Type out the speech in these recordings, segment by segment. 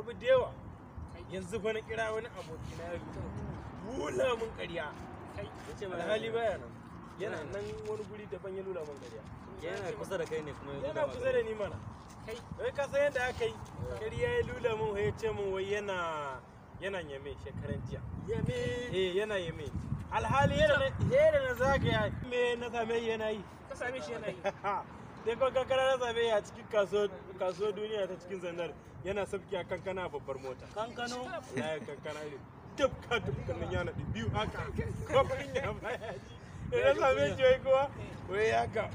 abu da yawa yanzu fa na kira wani aboki na yaro bula mun ƙarya alhali baya nan yana nan wani guri daban ya lula mun ƙarya yana kusa da kai ne kuma yana kusa da ni mana kai ka san yadda aka yi eh. ƙarya ya lula mun ya ce mun wai yana yana yame shekaran jiya yame eh yana yame alhali yana na zagaya me na same yana yi ka same shi yana yi dai kwan kankana na same a cikin kaso duniya ta cikin zandar yana sabki a kankana babbar mota kankano layin kankana ne dukka dukkanin ya naɗi biyu haka kofin ya baya ji da na same shi wai kuwa wai haka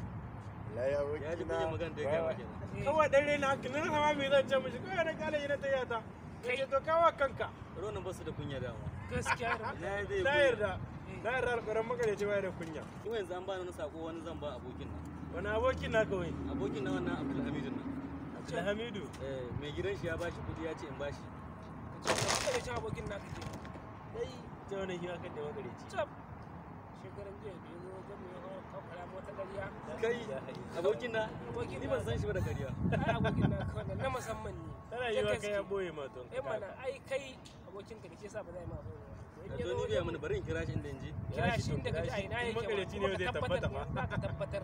laya wakil na kawai ɗan rai na haka na sama mai zan ce mishi kawai na kala yi na tayya ta kai to kawa kanka ronin basu da kunya dama gaskiya na yarda na yarda alƙaran makareci baya da kunya kuma yanzu an bani wani sako wani zan ba abokin nan wani abokin na kawai abokin na wannan abdulhamidu nan abdulhamidu eh mai gidan shi ya bashi kudi ya ce in bashi ka ce ka ce abokin na kake dai ta wani hira kan da magare ci tab shekaran jiya da yazo ga mu yawa kafara mota gariya kai abokin na abokin ni ban san shi ba da gariya abokin na kawai na musamman ne kana yi wa kai ya boye ma don eh mana ai kai abokin ka da ke sa ba zai ma boye eh, to ni bai mun bari in kira shi inda in je kira shi inda ka ji a ina yake ba ka tabbatar ba ka tabbatar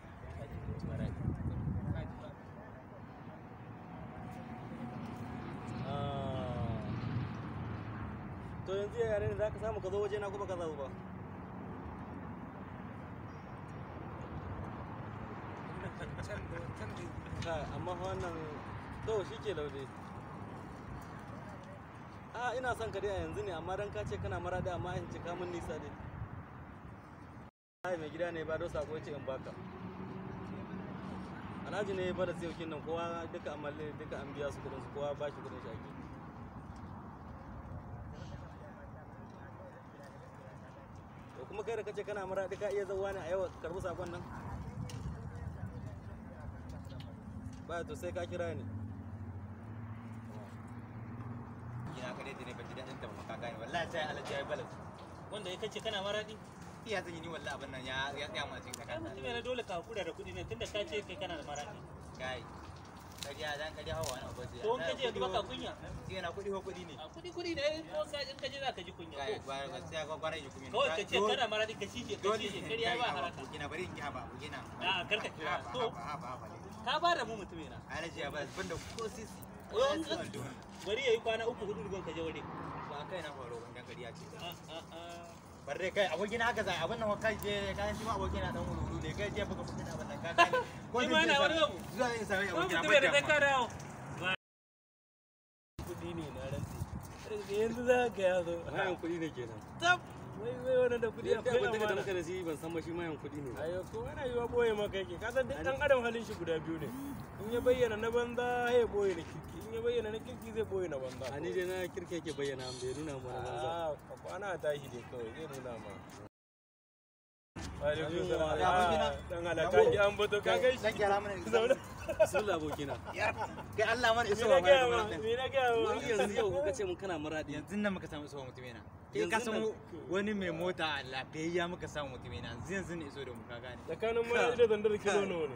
to yanzu ya yare ne za ka samu ka zo waje na kuma ka zaɓa ba amma wannan to shi ke lauje a ina son ka dai a yanzu ne amma dan ka ce kana mara da amma in cika mun nisa dai ai mai gida ne ba dosa ko ce in baka alhaji ne ya da sai nan kowa duka amalle duka an biya su kudin su kowa ba shi kudin shaki kuma kai da kace kana maraɗi duka iya zauwa ne a yau karbi sakon nan ba to sai ka kira ni ina ka dai ne ban ji daɗin ba ka gane wallahi sai alaji yayi balas wanda ya kace kana maraɗi iya zan yi ni wallahi abin nan ya ya tsaya mu a ka ka mutum yana dole ka hakura da kudi ne tunda ka ce kai kana da maraɗi kai kariya dan kariya hawa wani zai to kaje ka kunya zai na kudi ko kudi ne kudi kudi ne ko ka in kaje za ka ji kunya ko ba ji kunya ko ka ce kana mara ka kariya ba haraka gina bari in haba ku gina a ah, karka kira to ka ba da mu mutume na alaji ba banda ko sisi yayi kwana uku hudu rugon kaje wuri ba kai na kariya ce a ah, a ah, a barre kai abokina haka zai abin nan kai je ka shi ma abokina dan wululu ne kai je baka fitin abin nan ka kai ko ina wani abu zuwa zai da ka dawo kudi ne na rantsi yanzu za ka yazo kudi ne kenan wai wai wani da kudi akwai amana da maka da shi ban san ba shi mayan kudi ne ayo ko ana yiwa boye maka yake ka san dan adam halin shi guda biyu ne in ya bayyana na banza ya boye na kirki in ya bayyana na kirki zai boye na banza ani dai na kirki yake bayyana bai nuna mana banza a kwana kawai zai nuna ma Dan ah, Allah ka ji a, bato ka gaishe. Yanzu muka samu isowa mutum yana. Kai ka samu wani mai mota lafiyayya muka samu mutum yana. Yanzu ne iso da mu gane. Tsakanin muradi da zandar kilo nawa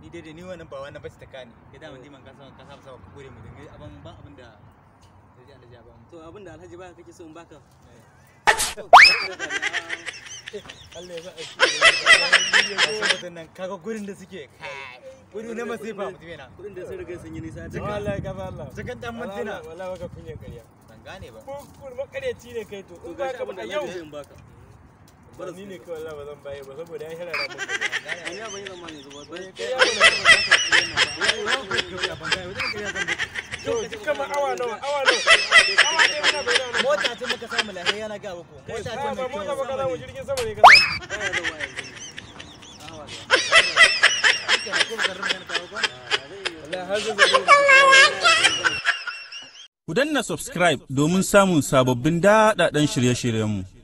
Ni daidai ni wannan ba wannan bace ta kane. Kai da mun diman ka samu ka samu ka gure mu dinga abin ba abin da Alhaji Alhaji ba mu. To abin da Alhaji ba kake so in baka. Allah ya ba a nan kaga gurin da suke gurin da sun yi nisa Allah ya gaba Allah cikin dan wallahi baka gane ba kun ne kai to in ba ka ba yau zan baka ni ne kai wallahi ba zan baye ba saboda ya ba kai ya ba ka ba to awa nawa awa nawa tun samu na ga danna subscribe domin samun sababbin daɗaɗɗen shirye-shiryenmu.